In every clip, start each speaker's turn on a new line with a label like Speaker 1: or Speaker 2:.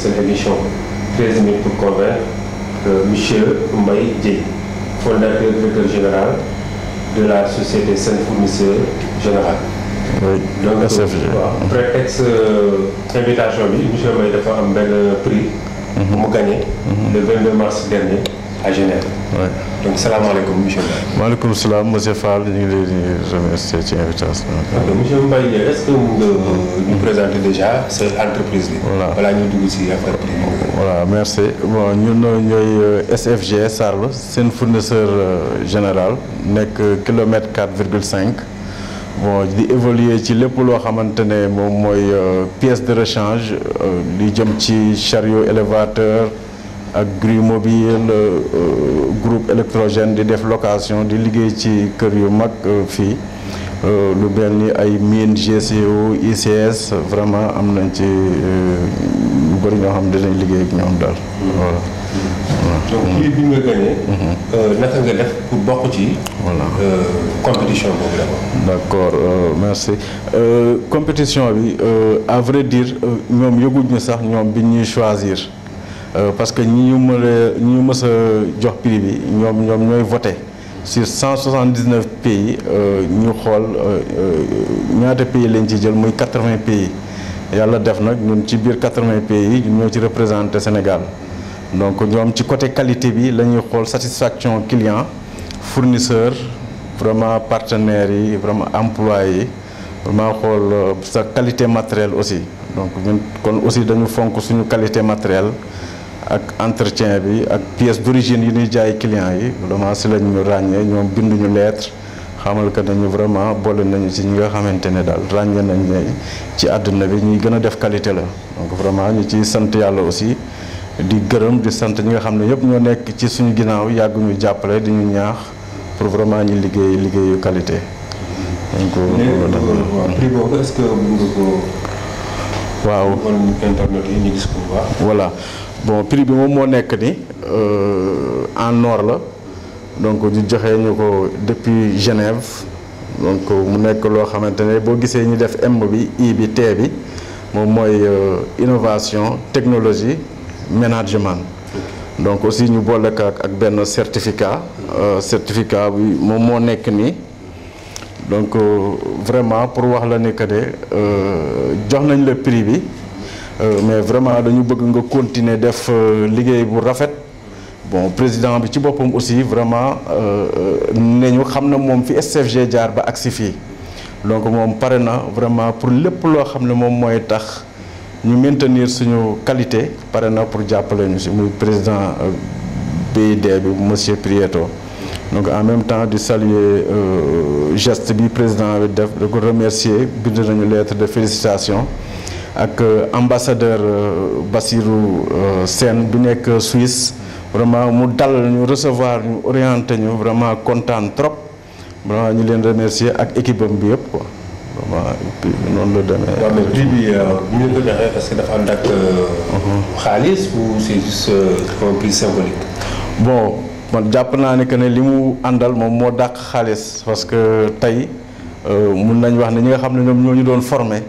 Speaker 1: seule édition 13 000 pour convaincre monsieur Mbaye Dièye fondateur directeur général de la société Sen Fournisseur Général. oui donc waaw prétexte euh, invitation bi monsieur Mbaye dafa am benn prix. Mhm. mu gagné mhm. le mars dernier. à Genève. oui salaamaaleykum monsieur
Speaker 2: maaleykum salaam monsieur Fall ñu ngi lay remercier ci invitation.
Speaker 1: Euh, bi. voilà balaa ñuy
Speaker 2: dugg ci merci bon ñun ñooy euh, SFG Sarl seen fournisseur euh, général nekk kilomètre 4 virgule cinq bon di évoluer ci lépp loo xamante ne moom mooy pièce de rechange li jëm ci chariot élévateur. ak grue mobile euh, groupe électrogène di def location di liggéey ci kër yu mag euh, fii euh, lu mel ay mine GCO ICS vraiment am nañ ci lu bëri ñoo xam dinañ liggéey ak ñoom dal voilà donc lii bi nga
Speaker 1: gagné. Mhm. naka nga def
Speaker 2: pour ci. voilà compétition boobu d'abord. merci compétition bi euh, à vrai dire ñoom yëguñu sax ñoom bi ñuy choisir. Euh, parce que ñi ñu mën ñu mës jox prix bi ñoom ñoom ñooy voté sur 179 pays euh, ñu xool euh, ñaata pays lañ ci jël muy 80 pays yàlla def nag ñun ci biir 80 pays ñoo ci représenté Sénégal donc ñoom ci côté qualité bi lañuy ñuy xool satisfaction client fournisseur vraiment partenaires yi vraiment employés yi ma xool sa qualité matérielle aussi donc kon aussi dañu fonk suñu qualité matérielle ak entretien bi ak pièce d'origine yi ñuy jaay client yi vraiment si lañ ñu ràññee ñoom binduñu lettre xamal que nañu vraiment boole nañu ci ñi nga xamante ne daal ràññee nañ ne ci àdduna bi ñuy gën a def qualité la donc vraiment ñu ciy sant yàlla aussi di gërëm di sant ñi nga xam ne yëpp ñoo nekk ci suñu ginnaaw yàgg ñu jàppale di ñu ñaax pour vraiment ñu liggéey liggéeyu qualité. donc loolu euh, est-ce que mën nga waaw wala bon prix bi moom moo nekk ni euh, en or la donc ñu joxe ñu ko depuis Genève donc mu nekk loo xamante ne boo gisee ñu def M bi I bi T bi moom mooy euh, innovation technologie management donc aussi ñu boole ko ak benn certificat euh, certificat bi moom moo nekk nii donc vraiment pour wax la ni que de jox nañ la prix bi Euh, mais vraiment dañu bëgg nga continuer def euh, liggéey bu rafet bon président bi ci boppam aussi vraiment euh, ne ñu xam na moom fi SCFG jaar ba agsi fii donc moom pare na vraiment pour lépp loo xam ne moom mooy tax ñu maintenir suñu qualité pare na pour jàppale ñu si muy président BID bi monsieur Prieto donc en même temps di saluer geste bi président bi def di ko remercier bind nañu lettre de félicitation ak euh, ambassadeur euh, Bassirou euh, Sène bi nekk Suisse vraiment mu dal ñu recevoir ñu orienté ñu vraiment kontaan trop vraiment ñu leen remercier ak équipe bi yëpp ko vraiment et noonu la demee. waaw mais prix bi ñu ko joxee parce
Speaker 1: que dafa ànd mhm.
Speaker 2: xaalis ou c'est juste un bon jàpp naa ne que ne li mu àndal moom moo dàq xaalis parce que tey mun nañu wax ne ñi nga xam ne ñoom ñoo ñu doon formé.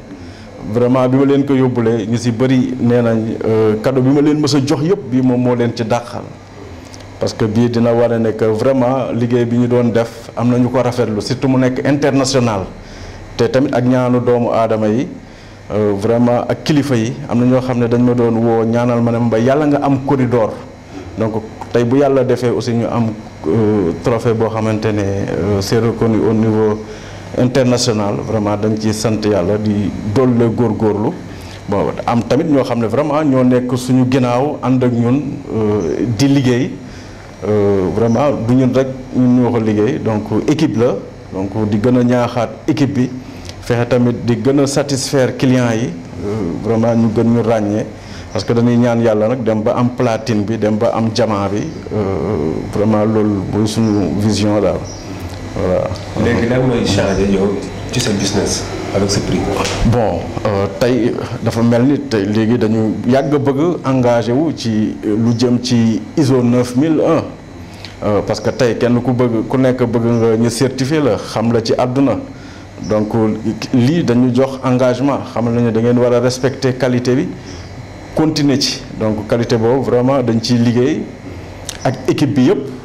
Speaker 2: vraiment bi ma leen ko yóbbulee ngi si bëri nee nañ euh, cadeau bi ma leen mës jox yëpp bii moom moo leen ci dàqal parce que bii dina war a nekk vraiment liggéey bi ñu doon def am na ñu ko rafetlu surtout mu nekk international te tamit ak ñaanu doomu aadama yi euh, vraiment ak kilifa yi am na ñoo xam ne dañ ma doon woo ñaanal ma ne mu ba yàlla nga am corridor donc tey bu yàlla defee aussi ñu am euh, trophée boo xamante ne c'est reconnu au niveau international vraiment dañ ciy sant yàlla di dolle góorlu bon am tamit ñoo xam ne vraiment ñoo nekk suñu ginnaaw ànd ak ñun euh, di liggéey euh, vraiment du ñun rek ñun ñoo ko liggéey donc équipe la donc di gën a ñaaxaat équipe bi fexe tamit di gën a satisfaire clients yi euh, vraiment ñu gën ñu ràññee parce que dañuy ñaan yàlla nag dem ba am platine bi dem ba am diamant bi vraiment loolu bu suñu vision daal voilà. léegi lan mooy changé yow
Speaker 1: ci sa business avec ce prix.
Speaker 2: bon euh, tey dafa mel ni tey léegi dañu yàgg bëgg engagé wu ci lu jëm ci ISO 9001 euh, parce que tey kenn ku bëgg ku nekk bëgg nga ñu certifié la xam la ci àdduna donc lii dañu jox engagement xam nañu da ngeen war a respecter qualité bi continuer ci donc qualité boobu vraiment dañ ciy liggéey ak équipe bi yëpp.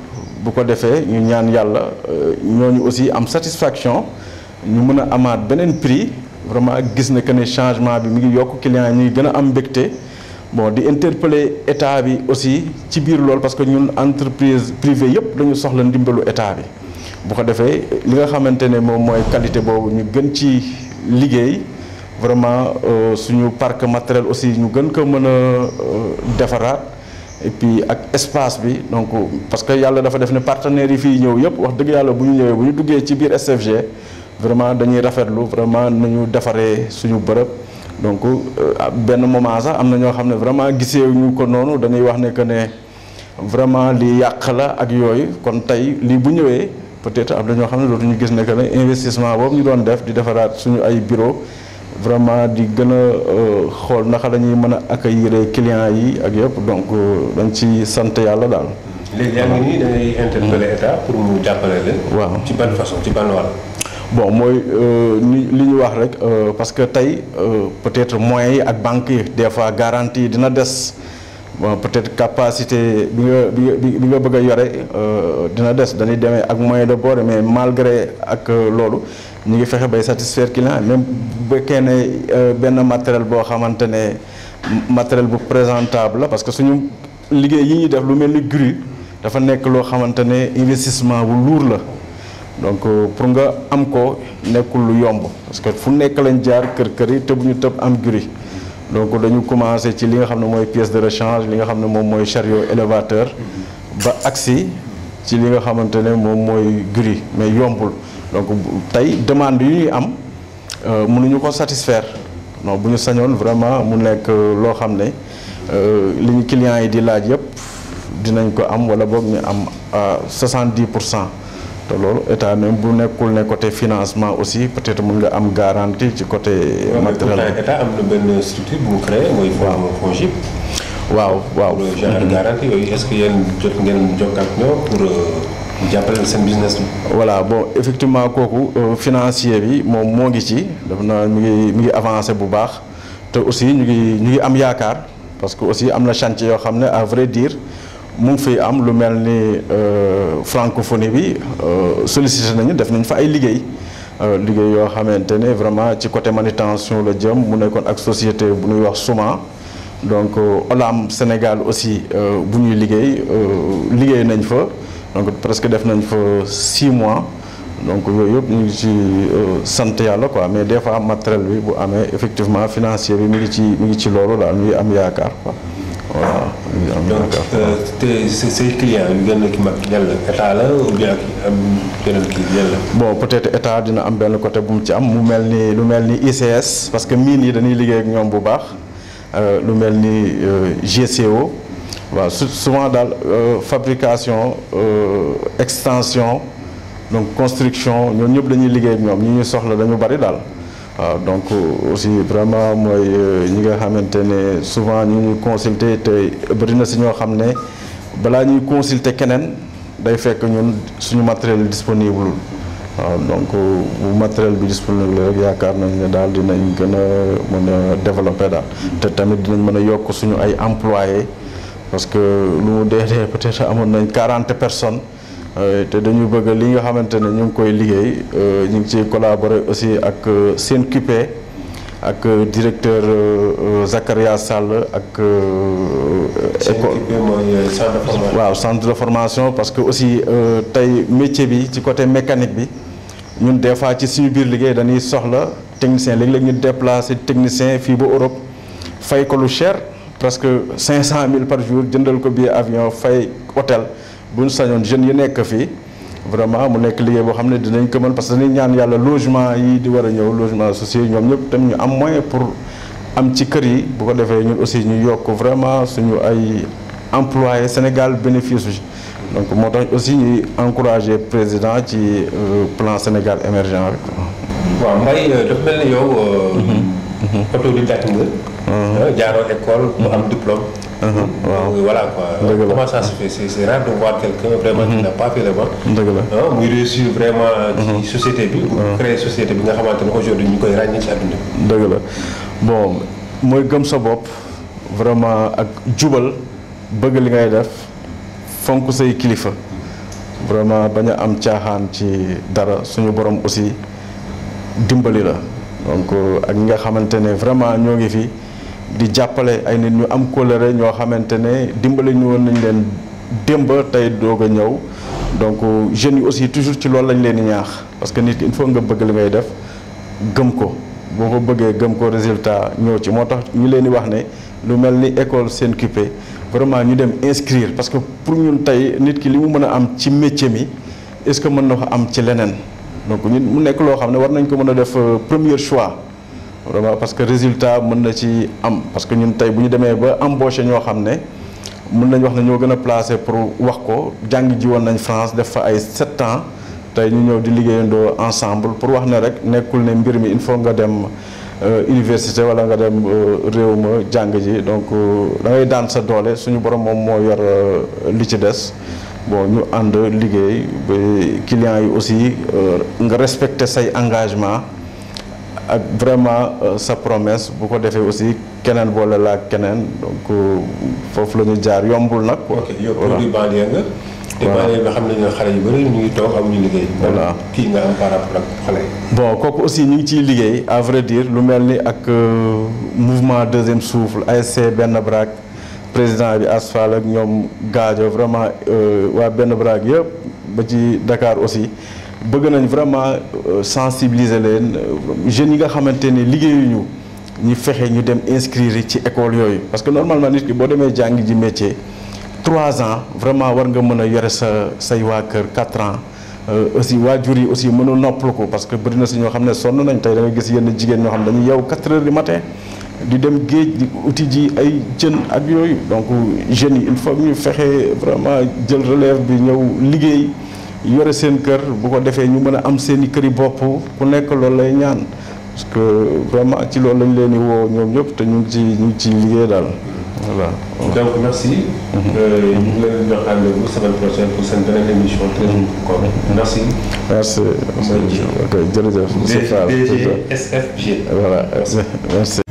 Speaker 2: bu ko defee ñu ñaan yàlla euh, ñooñu aussi am satisfaction ñu mën a amaat beneen prix vraiment gis na que ne changement bi mu ngi yokk client yi ñu gën a am mbégte bon di interpeller état bi aussi ci biir lool parce que ñun entreprise privée yëpp dañu soxla ndimbalu état bi bu ko defee li nga xamante ne moom mooy qualité boobu ñu gën ci liggéey vraiment euh, suñu parc matériel aussi ñu gën ko mën a euh, defaraat et puis ak espace bi donc parce que yàlla dafa def ne partenaires yi fii ñëw yëpp wax dëgg yàlla bu ñu ñëwee bu ñu duggee ci biir SFG vraiment dañuy rafetlu vraiment nañu defaree suñu bërëb donc euh, benn moment sax am na ñoo xam ne vraiment gisee ñu ko noonu dañuy wax ne que ne vraiment li yàq la ak yooyu kon tey lii bu ñëwee peut-être am na ñoo xam ne dootuñu gis ne que ne investissement boobu ñu doon def di defaraat suñu ay bureau vraiment di gën a euh, xool naka la ñuy mën a accueillir clients yi ak yëpp donc euh, dañ ci sant yàlla daal.
Speaker 1: léegi yaa ngi nii da ngay interpeller pour mu jàppale leen. waaw ci ban façon ci ban wàll.
Speaker 2: bon mooy euh, ni li ñu wax rek parce que tey peut-être moyens yi ak banques yi des fois garantie yi dina des bon peut-être capacité bi nga bi bi nga bëgg a yore dina des dañuy demee ak moyen de bord mais malgré ak loolu. ñu ngi fexe bay satisfaire client même bu fekkee ne euh, benn matériel boo xamante ne matériel bu présentable la parce que suñu liggéey yi ñuy def lu mel ni grue dafa nekk loo xamante ne investissement bu luur la donc euh, pour nga am ko nekkul lu yomb parce que fu nekk lañ jaar kër kër yi tëb ñu tëb am grue donc dañu commencé ci li nga xam ne mooy pièce de rechange li nga xam ne moom mooy chariot élévateur ba agsi ci li nga xamante ne moom mooy grue mais yombul. donc tey demande yu ñuy am euh, mënuñu ko satisfaire non bu ñu sañoon vraiment mu nekk euh, loo xam ne euh, li ñu clients yi di laaj yëpp dinañ ko am wala boog ñu am à 70 pour cent te loolu état même bu nekkul ne côté financement aussi peut-être mën nga am garantie ci côté matériel état
Speaker 1: am na benn structure bu mu créé mooy forme FONGIP waaw waaw genre garantie yooyu est-ce que yéen jot ngeen jokk ak ñoom pour
Speaker 2: jàppale seen business voilà bon effectivement kooku euh, financier bi moom moo ngi ci def na mu ngi mi ngi avancé bu baax te aussi ñu ngi ñu ngi am yaakaar parce que aussi am na chantier yoo xam ne à vrai dire mu ngi fiy am lu mel ni euh, francophonie bi euh, sollicité nañu def nañ fa ay liggéey liggéey yoo xamante ne vraiment ci côté manutention la jëm mu nekkoon ak société bu ñuy wax Souma donc Olam Sénégal aussi bu ñuy liggéey liggéey nañ fa. donc presque def nañ fa six mois donc yooyu yëpp ñu ngi ci euh, sant yàlla quoi mais des fois matériel bi bu amee effectivement financier bi mi ngi ci mi ngi ci loolu daal ñu am yaakaar quoi. waaw ñu am yaakaar donc
Speaker 1: euh, te say clients yu gën a ki mag yan la état la kii yan la.
Speaker 2: bon peut-être état dina am benn côté bu mu ci am mu mel ni lu mel ni ICS parce que mine yi dañuy liggéey ak ñoom bu baax euh, lu mel ni GCO. waaw souvent daal euh, fabrication euh, extension donc construction ñoom ñëpp dañuy liggéey ak ñoom ñu ñuy soxla dañu bari daal waaw donc euh, aussi vraiment mooy ñi nga xamante ne souvent ñu ñuy consulter te bëri na si ñoo xam ne balaa ñuy consulter keneen day fekk ñun suñu matériel disponible waaw donc bu matériel bi disponible rek yaakaar nañ ne daal dinañ gën a mën a développer daal te tamit dinañ mën a yokk suñu ay employés parce que lu mu dee dee peut amoon nañ quarante personnes euh, te dañu bëgg li nga xamante ne ñu ngi koy liggéey euh, ñu ngi ci collaborer aussi ak seen euh, SENCUP ak directeur Zakaria Sall ak. école waaw centre de formation parce que aussi tey métier bi ci côté mécanique bi ñun des fois ci suñu biir liggéey dañuy soxla technicien léeg léegi ñu déplacer technicien fii ba Europe fay ko cher. presque 500000 par jour jëndal ko billet avion fay hôtel bu ñu sañoon jeunes yi nekk fii vraiment mu nekk liggéey boo xam ne dinañ ko mën parce que dañuy ñaan yàlla logement yi di war a ñëw logement associé ñoom ñëpp tam ñu am moyen pour am ci kër yi bu ko defee ñun aussi ñu yokk vraiment suñu ay employé Sénégal bénéfice bi donc moo tax aussi ñuy encouragé président ci euh, plan Sénégal émergent rek.
Speaker 1: waaw Mbaye mel ni yow. Euh, mhm. autodidacte mhm. nga. Mhm. Euh, jaaroo école mu am mhm. diplôme. waaw euh, voilà quoi. dëgg la euh, comment ça se fait a pas la muy vraiment. ci bi. pour bi nga xamante ne aujourd'hui ñu koy ràññee ci
Speaker 2: dëgg la bon mooy gëm sa bopp vraiment ak jubal bëgg li ngay def fonk say kilifa. vraiment bañ a am caaxaan ci dara suñu borom aussi dimbali la. donc euh, ak ñi nga xamante ne vraiment ñoo ngi fi di jàppale ay nit ñu am kóllëre ñoo xamante ne dimbale ñu woon nañ leen démb tey doog a ñëw donc euh, jeunes yi aussi toujours ci loolu lañ leen di ñaax parce que nit il faut nga bëgg li ngay def gëm ko boo ko bëggee gëm ko résultat ñëw ci moo tax ñu leen di wax ne lu mel ni école seen Sencupé vraiment ñu dem inscrire parce que pour ñun tey nit ki li mu mën a am ci métier mi est-ce que mën na ko am ci leneen. donc ñun mu nekk loo xam ne war nañ ko mën a def euh, première choix vraiment parce que résultat mën na ci am parce que ñun tey bu ñu demee ba embauché ñoo xam ne mun nañu wax ne ñoo gën a placé pour wax ko jàng ji woon nañ France def fa ay sept ans tey ñu ñëw di liggéeyandoo ensemble pour wax ne rek nekkul ne mbir mi il faut nga dem euh, université wala nga dem euh, réew ma jàng ji donc da daan sa doole suñu borom moom moo yor li ci des bon ñu ànd liggéey ba yi aussi euh, nga respecter say engagement ak vraiment euh, sa promesse bu ko defee aussi keneen boole la keneen donc euh, foofu la ñu jaar yombul nag. quoi yow nga. xam nañu xale
Speaker 1: yu bëri ñu ngi toog amuñu liggéey. voilà kii nga am par rapport xale yi.
Speaker 2: bon kooku aussi ñu ngi ciy liggéey à vrai lu mel ni ak mouvement deuxième ay ASC benn braak. président bi Asphal ak ñoom gaajo vraiment euh, waa benn braak yëpp ba ci Dakar aussi bëgg nañ vraiment euh, sensibiliser leen euh, jeunes yi nga xamante ni liggéeyuñu ñu fexe ñu dem inscrire ci école yooyu parce que normalement nit ki boo demee jàngi ji métier trois ans vraiment war nga mën a yore sa say waa kër quatre ans aussi waajur yi aussi mënul noppal ko parce que bëri na si ñoo xam ne sonn nañ tey da gis yenn jigéen ñoo xam ne dañuy yow quatre heures du di dem géej di uti ji ay jën ak yooyu donc jeunes yi il faut ñu fexe vraiment jël relève bi ñëw liggéey yore seen kër bu ko defee ñu mën a am seen këri bopp ku nekk loolu lay ñaan parce que vraiment ci loolu lañ leen di woo ñoom ñëpp te ñu ngi ci ñu ngi liggéey daal voilà. donc merci. Mhm. Euh, ñu ngi leen di jox rendez mhm. merci.